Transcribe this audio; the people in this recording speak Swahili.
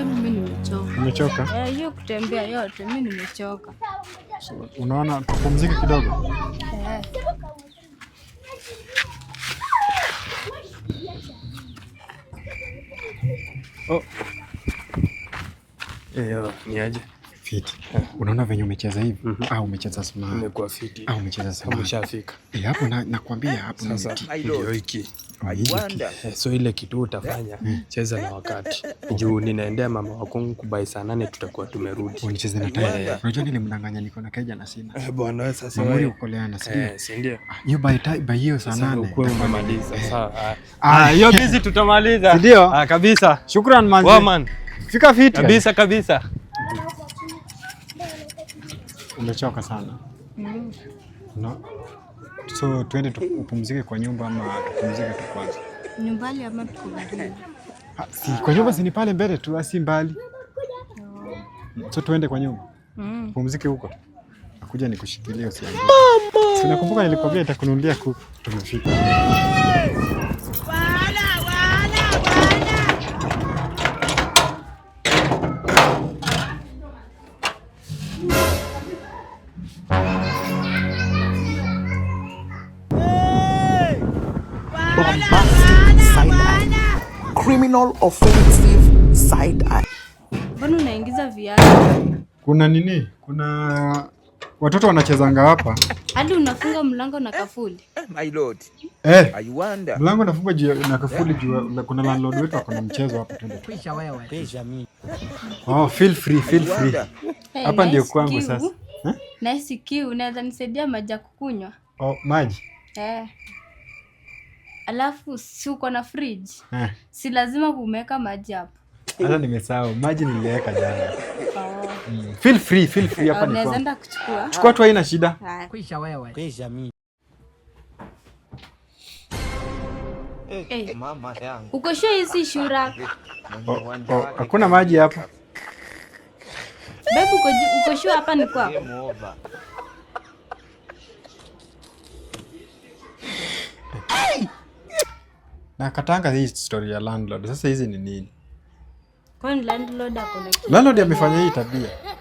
mimi nimechoka. Nimechoka? Eh, hiyo kutembea yote mimi nimechoka. So, unaona tupumzike kidogo. Eh. Oh. Eh, ni aje? Fiti. Eh. Unaona venye umecheza hivi? Mm -hmm. Au umecheza sana. Nimekuwa fiti. Au umecheza sana. Umeshafika. Eh, hapo nakwambia hapo. Sasa ndio hiki. So ile kitu utafanya eh. cheza na wakati eh, eh, juu ninaendea mama wakungu kubai saa nane tutakuwa tumerudi. Unicheze na time. Unajua nilimdanganya niko na keja na sina. Eh, bwana wewe sasa wewe ukolea na sina Eh, si ndio? Ah, hiyo by time by hiyo saa nane. Kwa umemaliza. Sawa. Ah, ah hiyo bizi tutamaliza. Ndio. Ah, kabisa. Shukrani manzi. Wow man. Fika fit. Kabisa kabisa. Umechoka sana. No. So tuende tupumzike kwa nyumba ama tupumzike tu kwanza? Nyumbani ama tukubaliwe? Ah, si kwa nyumba, si ni pale mbele tu, asi ah, mbali. So tuende kwa nyumba mm. Pumzike huko, akuja nikushikilia usianguke. Sinakumbuka nilikwambia nitakununulia kuku. Tumefika. bombastic side eye. Criminal offensive side eye. Mbona unaingiza viatu? Kuna nini? Kuna watoto wanachezanga hapa. Hadi unafunga mlango na kafuli. Eh, eh, my lord. Eh. I wonder. Mlango nafunga na kafuli juu kuna landlord wetu akona mchezo hapa tena. Pisha wewe. Pisha mimi. Oh, feel free, feel free. Hapa ndio kwangu sasa. Eh? Nice kiu, unaweza nisaidia maji ya kukunywa? Oh, maji. Eh alafu si uko na fridge eh. si lazima kumeweka maji hapo hata nimesahau maji niliweka jana oh. mm. feel free hapa ni chukua tu haina shida kwisha wewe kwisha mimi Hey, hizi shura? Oh, oh, hakuna maji hapa. bebu uko hapa ni kwako? na katanga hii story ya landlord. Sasa hizi ni nini? Landlord amefanya hii tabia